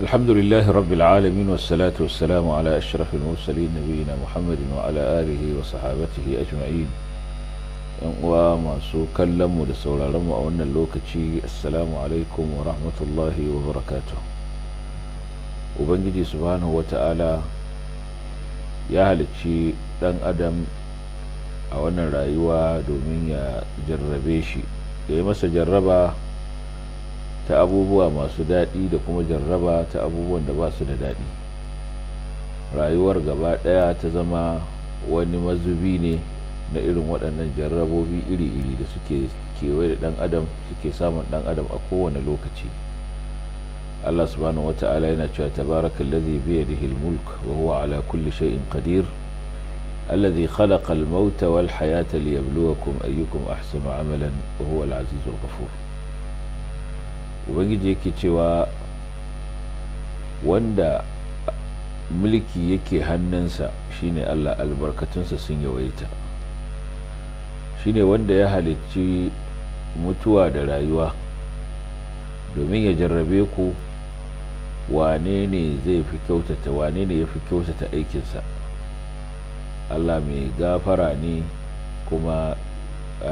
الحمد لله رب العالمين والصلاة والسلام على أشرف المرسلين نبينا محمد وعلى آله وصحابته أجمعين وماسو كلم لسول علم وأن اللوكتشي السلام عليكم ورحمة الله وبركاته وبنجي سبحانه وتعالى يا هلتشي دان أدم a wannan rayuwa domin ya jarrabe shi ya yi masa jarraba ta abubuwa masu dadi da kuma jarraba ta abubuwan da ba su da dadi rayuwar gaba daya ta zama wani mazubi ne na irin waɗannan jarrabobi iri-iri da suke kewaye da dan adam suke samun dan adam a kowane lokaci allah subhanahu wata'ala yana cewa tabaraka alladhi bi yadihi almulk wa huwa ala kulli shay'in qadir الذي خلق الموت والحياة ليبلوكم أيكم أحسن عملا وهو العزيز الغفور ubangiji yake cewa wanda mulki yake hannunsa shine allah albarkatunsa sun yawaita shine wanda ya halicci mutuwa da rayuwa domin ya jarrabe ku wane ne zai fi kyautata wane ne ya fi kyautata aikinsa allah mai gafara ne kuma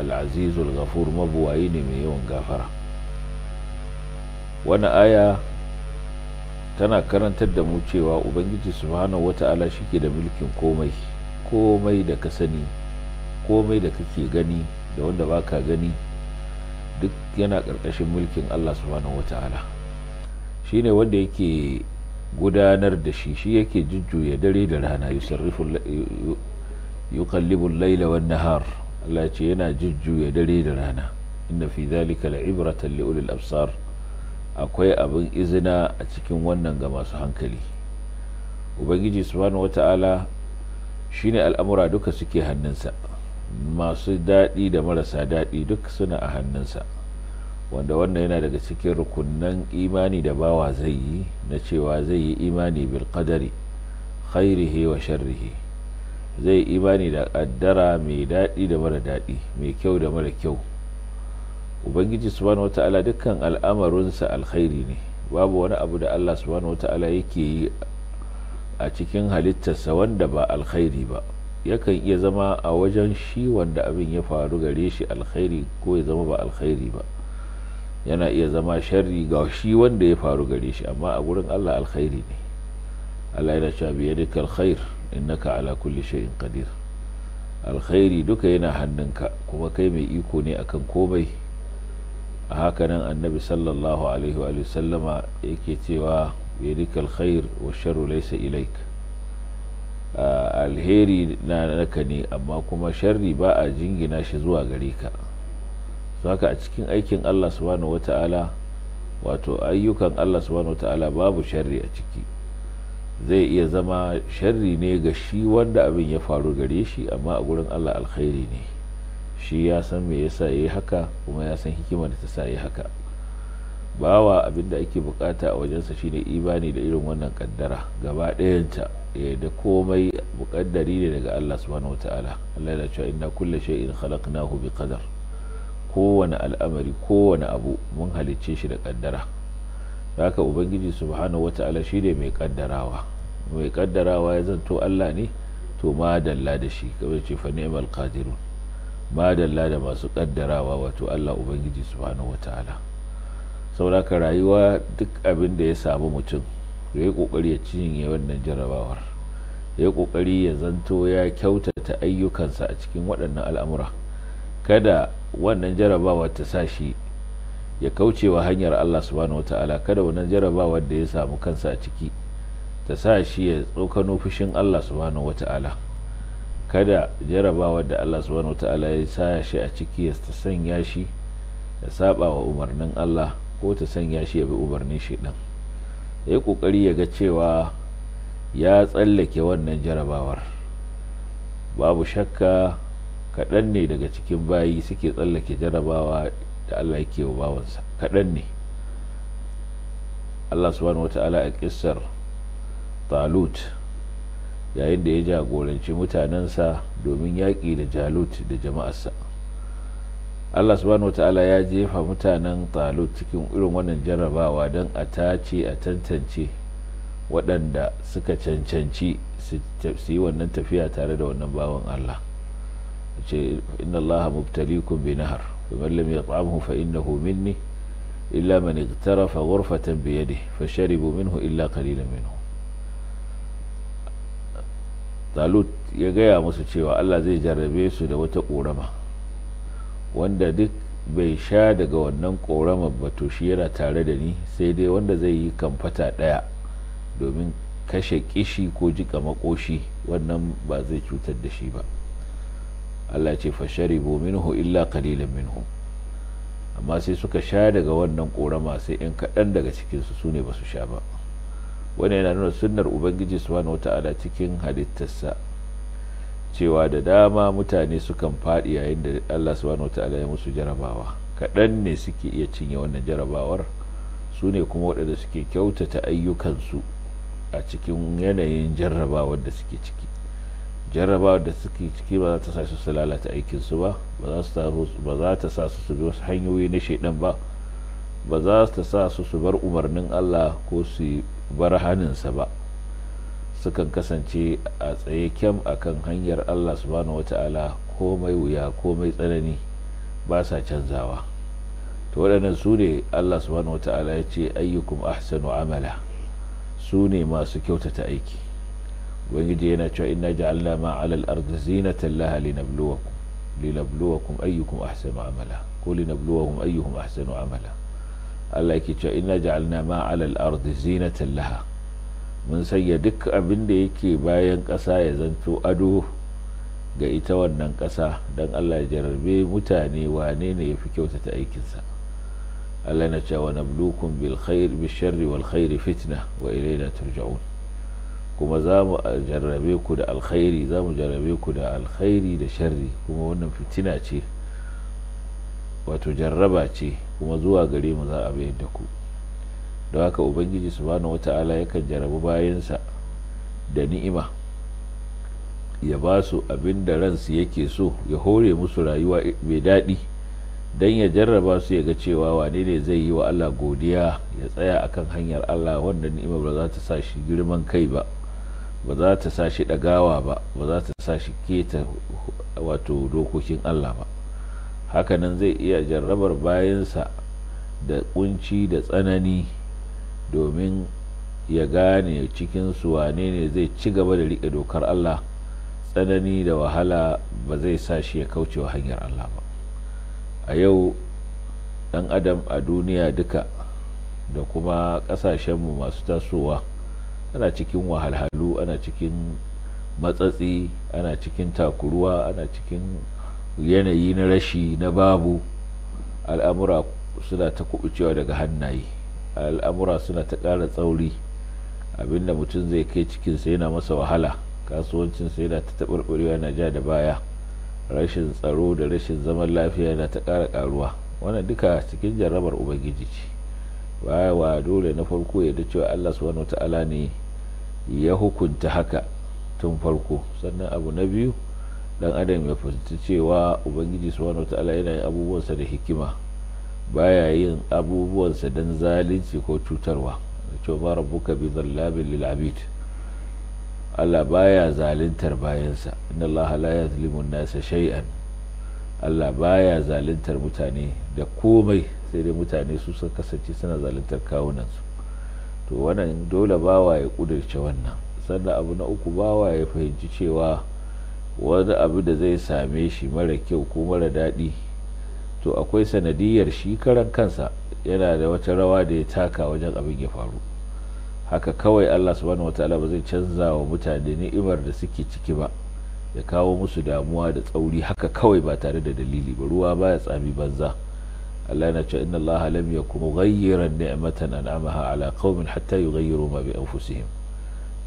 al'azizul ghafur mabuwayi ne mai yawan gafara wani aya tana karantar da mu cewa ubangiji subhanahu wata'ala shi ke da mulkin komai komai da ka sani komai da kake gani da wanda baka gani duk yana ƙarƙashin mulkin allah subhanahu wata'ala shi ne wanda yake gudanar da shi shi yake jujjuya dare da rana yuqallibul laila wan nahar Allah ce yana jujjuya dare da rana inna fi zalika la'ibratan li ulil absar akwai abin izina a cikin wannan ga masu hankali ubangiji subhanahu wata'ala shine al'amura duka suke hannunsa masu daɗi da marasa daɗi duk suna a hannunsa wanda wannan yana daga cikin rukunnan imani da bawa zai yi na cewa zai yi imani bil qadari khairihi wa sharrihi zai imani da addara mai daɗi da mara daɗi mai kyau da mara kyau ubangiji subhanahu wata'ala dukkan al'amarinsa alkhairi ne babu wani abu da allah subhanahu wata'ala yake yi a cikin halittarsa wanda ba alkhairi ba yakan iya zama a wajen shi wanda abin ya faru gare shi alkhairi ko ya zama ba alkhairi ba yana iya zama sharri ga shi wanda ya faru gare shi amma a gurin allah alkhairi ne allah yana cewa ya duka alkhair innaka ala kulli shay'in qadir alkhairi duka yana hannunka kuma kai mai iko ne akan komai a haka nan annabi sallallahu alaihi wa sallama yake cewa yadikal khair wa sharu laysa ilaik alheri na naka ne amma kuma sharri ba a jingina shi zuwa gare ka haka a cikin aikin Allah subhanahu wata'ala wato ayyukan Allah subhanahu wata'ala babu sharri a ciki zai iya zama sharri ne ga shi wanda abin ya faru gare shi amma a gurin Allah alkhairi ne shi ya san me yasa yayi haka kuma ya san hikimar da ta sa yayi haka bawa abin da ake bukata a wajensa shine ibani da irin wannan kaddara gaba ɗayanta eh, da komai bukaddari ne daga Allah subhanahu wataala Allah ya cewa inna kulla shay'in khalaqnahu bi qadar kowane al'amari kowane abu mun halicce shi da kaddara haka ubangiji subhanahu wataala shine mai kaddarawa mai kaddarawa ya zanto Allah ne to ma dalla da shi kamar ce fa ni'mal qadirun madalla da masu kaddarawa wato Allah Ubangiji subhanahu wataala sauraka rayuwa duk abin da ya samu mutum ya yi kokari ya cinye wannan jarabawar ya yi kokari ya zanto ya kyautata ayyukansa a cikin waɗannan al'amura kada wannan jarabawa ta sa shi ya kauce wa hanyar Allah subhanahu wataala kada wannan jarabawar da ya samu kansa a ciki ta sa shi ya tsokano fushin Allah subhanahu wataala kada jarabawar da Allah subhanahu ta'ala ya sa shi a ciki ya sanya shi ya saba wa umarnin Allah ko ta sanya shi ya bi umarnin shi din ya yi kokari ya ga cewa ya tsallake wannan jarabawar babu shakka kaɗan ne daga cikin bayi suke tsallake jarabawa da Allah yake wa bawansa kaɗan ne Allah subhanahu wata'ala a ƙisar talut yayin da ya jagoranci mutanensa domin yaƙi da jalut da jama'arsa allah subhanahu wa ta'ala ya jefa mutanen talut cikin irin wannan jarrabawa don a tace a tantance waɗanda suka cancanci su yi wannan tafiya tare da wannan bawan allah ce inna allaha mubtalikum bi nahar faman lam yat'amhu fa innahu minni illa man iqtarafa ghurfatan bi fa sharibu minhu illa qalilan minhu talut ya gaya masu cewa allah zai jarrabe su da wata ƙorama wanda duk bai sha daga wannan ƙoraman ba to shi yana tare da ni sai dai wanda zai yi kamfata ɗaya domin kashe kishi ko jika makoshi wannan ba zai cutar da shi ba allah ce sharibo minhu illa qalilan minhu amma sai suka sha daga wannan ƙorama sai 'yan kaɗan daga cikinsu su ne ba su sha ba wani yana nuna sunnar ubangiji subhanahu wata'ala cikin halittarsa cewa da dama mutane sukan faɗi yayin da Allah subhanahu wata'ala ya musu jarabawa kaɗan ne suke iya cinye wannan jarabawar su ne kuma waɗanda suke kyautata ayyukansu a cikin yanayin jarrabawar da suke ciki jarabawar da suke ciki ba za ta sa su su lalata aikinsu ba ba za ta sa su su wasu hanyoyi na shaidan ba ba za ta sa su su bar umarnin Allah ko su bar haninsa ba sukan kasance a tsaye kyam a kan hanyar allah subhanahu wata'ala komai wuya komai tsanani ba sa canzawa to waɗannan su ne allah subhanahu wata'ala ya ce ayyukum ahsanu amala su ne masu kyautata aiki ubangiji yana cewa inna ja'alna ma alal ardi zinatan laha linabluwakum linabluwakum ayyukum ahsanu amala ko ahsanu amala Allah yake cewa inna ja'alna ma 'alal ardi zinatan laha mun sanya duk abin da yake bayan ƙasa ya zanto ado ga ita wannan ƙasa don Allah ya jarrabe mutane wane ne ya fi kyautata aikinsa Allah na cewa na bulukun bil khair bil sharri wal khairi fitna wa ilaina turja'un kuma za mu jarrabe ku da alkhairi za mu jarrabe ku da alkhairi da sharri kuma wannan fitina ce wato jarraba ce kuma zuwa gare mu za a bayar da ku don haka ubangiji subhanahu wata'ala yakan jarabu bayansa da ni'ima ya ba su abin da ransu yake so ya hore musu rayuwa mai daɗi don ya jarraba su ya ga cewa wane ne zai yi wa Allah godiya ya tsaya akan hanyar Allah wanda ni'ima ba za ta sa shi girman kai ba ba za ta sa shi ɗagawa ba ba za ta sa shi keta wato dokokin Allah ba hakanan zai iya jarrabar bayansa da kunci da tsanani domin ya gane cikin su wane ne zai ci gaba da riƙe dokar Allah tsanani da wahala ba zai sa shi ya kauce wa hanyar Allah ba a yau ɗan adam a duniya duka da kuma ƙasashenmu masu tasowa ana cikin wahalhalu ana cikin matsatsi ana cikin takuruwa ana cikin yanayi na rashi na babu al'amura suna ta kubucewa daga hannaye al'amura suna ta ƙara tsauri abinda mutum zai kai cikinsa yana masa wahala kasuwancinsa yana ta taɓarɓarewa na ja da baya rashin tsaro da rashin zaman lafiya yana ta ƙara ƙaruwa wannan duka cikin jarrabar ubangiji ce baya wa dole na farko ya da cewa allah subhanahu ta'ala ne ya hukunta haka tun farko sannan abu na biyu dan adam ya fahimci cewa ubangiji subhanahu ta'ala yana yin abubuwansa da hikima baya yin abubuwansa dan zalunci ko cutarwa cewa ma rabbuka bi dhallabin lil abid Allah baya zalintar bayansa inna Allah la yazlimu an-nasa shay'an Allah baya zaluntar mutane da komai sai dai mutane su sun kasance suna zaluntar kawunansu to wannan dole bawa ya kudurce wannan sannan abu na uku bawa ya fahimci cewa wani abu da zai same shi mara kyau ko mara daɗi to akwai sanadiyar shi karan kansa yana da wata rawa da ya taka wajen abin ya faru haka kawai allah subhanahu wata ba zai canza wa mutane ni'imar da suke ciki ba ya kawo musu damuwa da tsauri haka kawai ba tare da dalili ba ruwa baya tsami banza allah yana cewa inna allaha lam yakum ghayyiran ni'matan an'amaha ala qaumin hatta yughayyiru ma bi anfusihim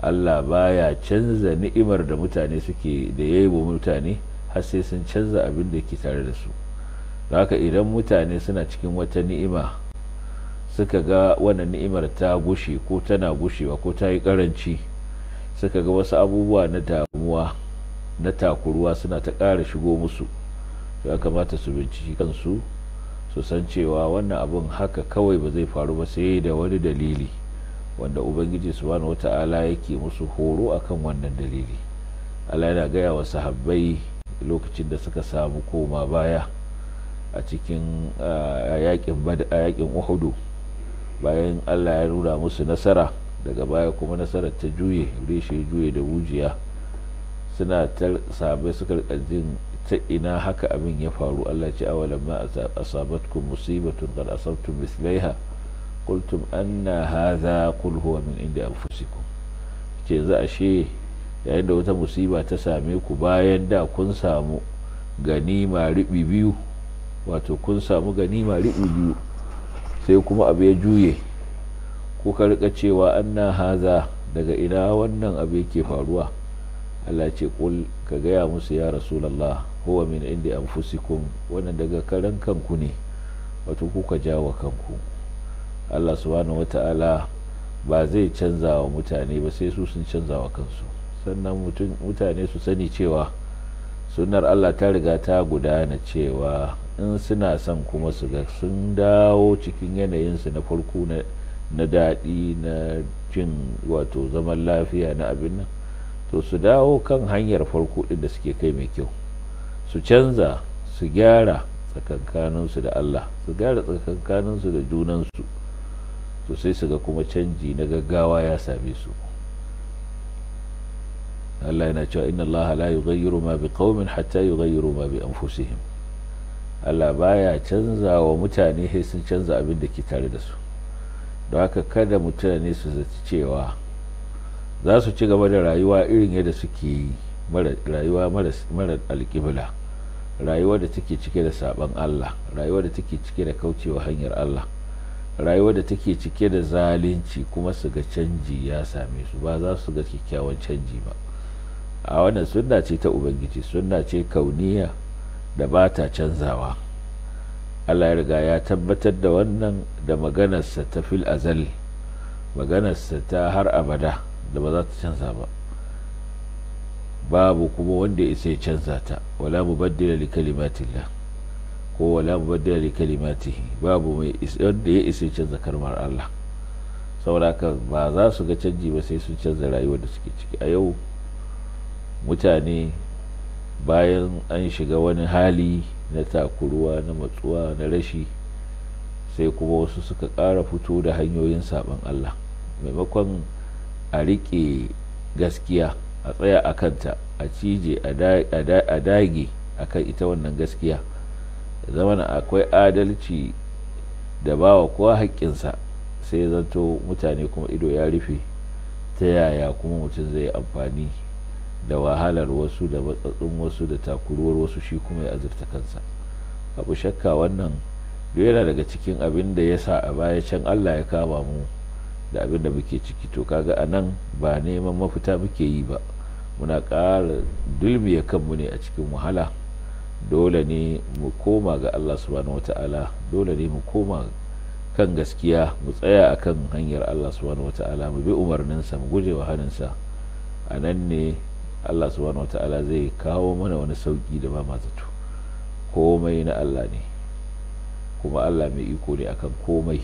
Allah baya canza ni'imar da mutane suke da yayi wa mutane har sai sun canza abin da ke tare da su haka idan mutane suna cikin wata ni'ima suka ga wannan ni'imar ta gushe ko tana gushewa ko ta yi karanci suka ga wasu abubuwa na damuwa na takuruwa suna ta ƙara shigo musu ya kamata su binciki kansu su san cewa wannan abin haka kawai ba zai faru ba sai da wani dalili wanda ubangiji wata ala yake musu horo akan wannan dalili Allah yana gaya wa sahabbai lokacin da suka samu koma baya a cikin yakin uhudu bayan Allah ya nuna musu nasara daga baya kuma nasarar ta juye reshe juye da wujiya suna ta sabai suka jin ta ina haka abin ya faru Allah ce awalan ma asabatkum musibatun qad asabtum mislaiha qultum anna haza kul huwa min inda anfusikum ce za a she yayin da wata musiba ta same ku bayan da kun samu ganima riɓi biyu wato kun samu ganima riɓi biyu sai kuma abu ya juye kuka rika cewa anna haza daga ina wannan abu yake faruwa Allah ce kul ka gaya musu ya rasulallah huwa min indi anfusikum wannan daga karan kanku ne wato kuka jawa kanku allah subhanahu wata'ala ba zai canza wa mutane ba sai su sun canza wa kansu sannan mutane su sani cewa sunar allah ta riga ta gudana cewa in suna son kuma su ga sun dawo cikin yanayinsu na farko na daɗi na jin wato zaman lafiya na abin nan to su dawo kan hanyar farko ɗin da suke kai mai kyau su canza su gyara tsakankaninsu da allah su gyara tsakankaninsu da junansu to sai su ga kuma canji na gaggawa ya same su Allah yana cewa inna Allah la yughayyiru ma biqaumin hatta yughayyiru ma bi anfusihim Allah baya canza wa mutane sai sun canza abin da ke tare da su don haka kada mutane su zaci cewa za su ci gaba da rayuwa irin yadda suke yi rayuwa mara alƙibla rayuwa da take cike da saɓon Allah rayuwa da take cike da kaucewa hanyar Allah rayuwar da take cike da zalunci kuma su ga canji ya same su ba za su ga kyakkyawan canji ba a wannan sunna ce ta ubangiji sunna ce kauniya da ba ta canzawa allah ya riga ya tabbatar da wannan da maganarsa ta fil azal maganarsa ta har abada da ba za ta canza ba babu kuma wanda ya canza ta wala mu mubaddila li kalimatillah ko wala mubaddala li kalimatihi babu mai wanda ya isa canza kalmar Allah saboda haka ba za su ga canji ba sai sun canza rayuwar da suke ciki a yau mutane bayan an shiga wani hali na takuruwa na matsuwa na rashi sai kuma wasu suka ƙara fito da hanyoyin sabon Allah maimakon a riƙe gaskiya a tsaya a kanta a cije a dage a kan ita wannan gaskiya zaman akwai adalci da ba wa kowa haƙƙinsa sai ya zanto mutane kuma ido ya rufe ta yaya kuma mutum zai amfani da wahalar wasu da matsatsun wasu da takurwar wasu shi kuma ya azurta kansa abu shakka wannan duk yana daga cikin abin da ya sa a baya can allah ya kama mu da abin da muke ciki to kaga a nan ba neman mafita muke yi ba muna ƙara dulmiya kanmu ne a cikin wahala dole ne mu koma ga Allah subhanahu wata'ala dole ne mu koma kan gaskiya mu tsaya akan hanyar Allah subhanahu wata'ala mu bi umarninsa mu guje wa hannunsa a nan ne Allah subhanahu wata'ala zai kawo mana wani sauki da ba ma zato komai na Allah ne kuma Allah mai iko ne akan komai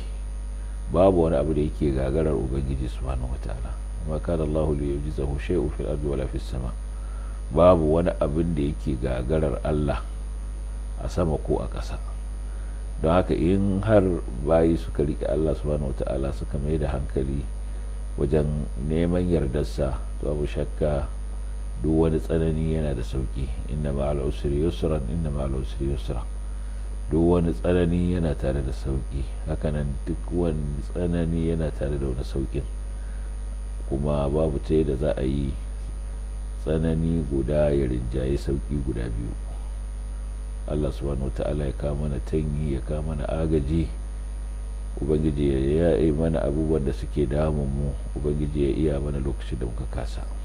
babu wani abu da yake gagarar ubangiji subhanahu wata'ala amma kada Allahu li yujzahu shay'un fil ardi wala fis sama babu wani abin da yake gagarar Allah a sama ko a ƙasa don haka in har bayi suka riƙe allah subhanahu wata'ala suka mai da hankali wajen neman yardarsa to abu shakka duk wani tsanani yana da sauki inna ma'al usri yusran inna ma'al usri yusra duk wani tsanani yana tare da sauki hakanan duk wani tsanani yana tare da wani saukin kuma babu ta da za a yi tsanani guda ya rinjaye sauki guda biyu allah subhanahu ala ya kama mana tanyi ya kama mana agaji ubangiji ya yi mana abubuwan da suke damun mu ubangiji ya iya mana lokacin da muka kasa